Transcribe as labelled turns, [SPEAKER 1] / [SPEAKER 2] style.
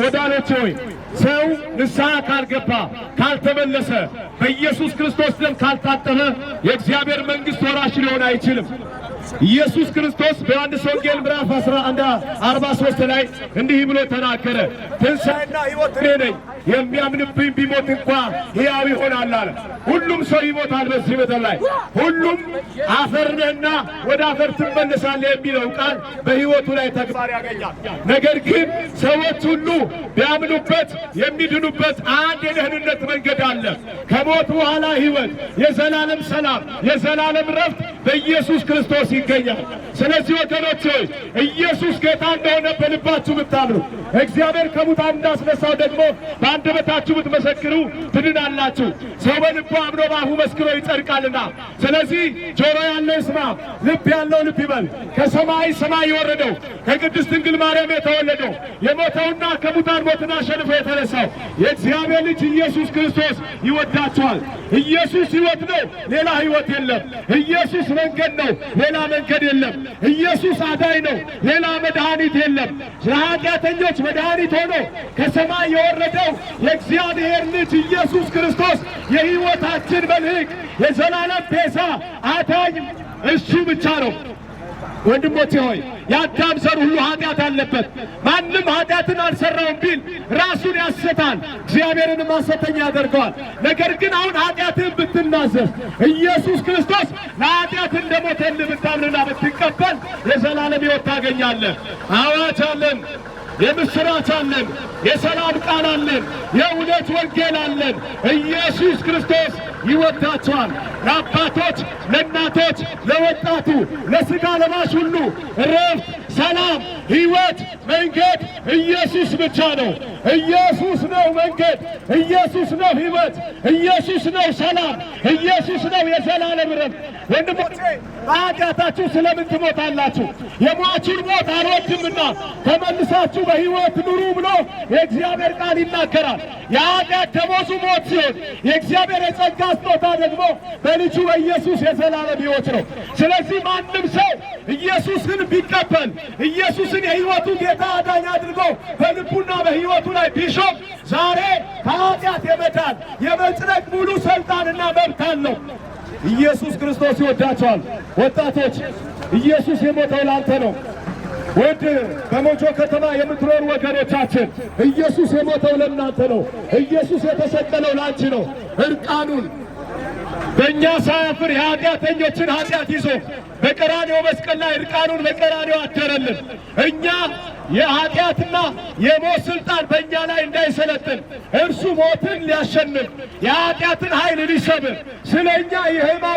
[SPEAKER 1] ወዳሎቼ ሆይ ሰው ንስሐ ካልገባ ካልተመለሰ፣ በኢየሱስ ክርስቶስ ደም ካልታጠበ የእግዚአብሔር መንግሥት ወራሽ ሊሆን አይችልም። ኢየሱስ ክርስቶስ በዮሐንስ ወንጌል ምዕራፍ 11 43 ላይ እንዲህ ብሎ ተናገረ። ትንሣኤና ሕይወት እኔ ነኝ፣ የሚያምንብኝ ቢሞት እንኳ ሕያው ይሆናል አለ። ሁሉም ሰው ይሞታል በዚህ ምድር ላይ ሁሉም አፈር ወደ አፈር ትመለሳለህ የሚለው ቃል በሕይወቱ ላይ ተግባር ያገኛል። ነገር ግን ሰዎች ሁሉ ቢያምኑበት የሚድኑበት አንድ የደህንነት መንገድ አለ። ከሞት በኋላ ሕይወት፣ የዘላለም ሰላም፣ የዘላለም ረፍት በኢየሱስ ክርስቶስ ይገኛል። ስለዚህ ወገኖች ሆይ ኢየሱስ ጌታ እንደሆነ በልባችሁ ብታምኑ፣ እግዚአብሔር ከሙታን እንዳስነሳው ደግሞ በአንደበታችሁ ብትመሰክሩ ትድናላችሁ። ሰው በልቡ አምኖ በአፉ መስክሮ ይጸድቃልና። ስለዚህ ጆሮ ያለው ይስማ፣ ልብ ያለው ልብ ይበል። ከሰማይ ሰማይ የወረደው ከቅድስት ድንግል ማርያም የተወለደው የሞተውና ከሙታን ሞትን አሸንፎ የተነሳው የእግዚአብሔር ልጅ ኢየሱስ ክርስቶስ ይወዳችኋል። ኢየሱስ ሕይወት ነው፣ ሌላ ሕይወት የለም። ኢየሱስ መንገድ ነው፣ ሌላ መንገድ የለም። ኢየሱስ አዳኝ ነው፣ ሌላ መድኃኒት የለም። ለኃጢአተኞች መድኃኒት ሆኖ ከሰማይ የወረደው የእግዚአብሔር ልጅ ኢየሱስ ክርስቶስ የሕይወታችን መልሕቅ፣ የዘላለም ቤዛ፣ አዳኝ እሱ ብቻ ነው። ወንድሞቼ ሆይ የአዳም ዘር ሁሉ ኃጢአት አለበት። ማንም ኃጢአትን አልሰራውም ቢል ራሱን ያሰታል እግዚአብሔርን ሐሰተኛ ያደርገዋል። ነገር ግን አሁን ኃጢአትን ብትናዘዝ ኢየሱስ ክርስቶስ ለኃጢአት እንደሞተልህ ብታምንና ብትቀበል የዘላለም ሕይወት ታገኛለህ። አዋጅ አለን፣ የምሥራች አለን፣ የሰላም ቃል አለን፣ የእውነት ወንጌል አለን። ኢየሱስ ክርስቶስ ይወዳቸዋል። ለአባቶች፣ ለእናቶች፣ ለወጣቱ፣ ለስጋ ለባሽ ሁሉ እረፍት፣ ሰላም፣ ህይወት መንገድ ኢየሱስ ብቻ ነው። ኢየሱስ ነው መንገድ፣ ኢየሱስ ነው ሕይወት፣ ኢየሱስ ነው ሰላም፣ ኢየሱስ ነው የዘላለም ረፍት። ወንድሞቼ በኃጢአታችሁ ስለምን ትሞታላችሁ? የሟቹን ሞት አልወድምና ተመልሳችሁ በሕይወት ኑሩ ብሎ የእግዚአብሔር ቃል ይናገራል። የኃጢአት ደመወዙ ሞት ሲሆን የእግዚአብሔር የጸጋ ስጦታ ደግሞ በልጁ በኢየሱስ የዘላለም ሕይወት ነው። ስለዚህ ማንም ሰው ኢየሱስን ቢቀበል ኢየሱስን የሕይወቱ ጌታ አዳኝ አድርጎ አድርጎ በልቡና በሕይወቱ ላይ ቢሾም ዛሬ ከኃጢአት የመዳን የመጽደቅ ሙሉ ሥልጣንና መብት አለው። ኢየሱስ ክርስቶስ ይወዳቸዋል። ወጣቶች ኢየሱስ የሞተው ላንተ ነው። ውድ በሞጆ ከተማ የምትኖሩ ወገኖቻችን ኢየሱስ የሞተው ለእናንተ ነው። ኢየሱስ የተሰቀለው ላንቺ ነው። እርቃኑን በእኛ ሳያፍር የኃጢአተኞችን ኃጢአት ይዞ በቀራኔው መስቀል ላይ እርቃኑን በቀራኔው አደረልን። እኛ የኃጢአትና የሞት ሥልጣን በእኛ ላይ እንዳይሰለጥን እርሱ ሞትን ሊያሸንፍ የኃጢአትን ኃይል ሊሰብር ስለ እኛ የሕማም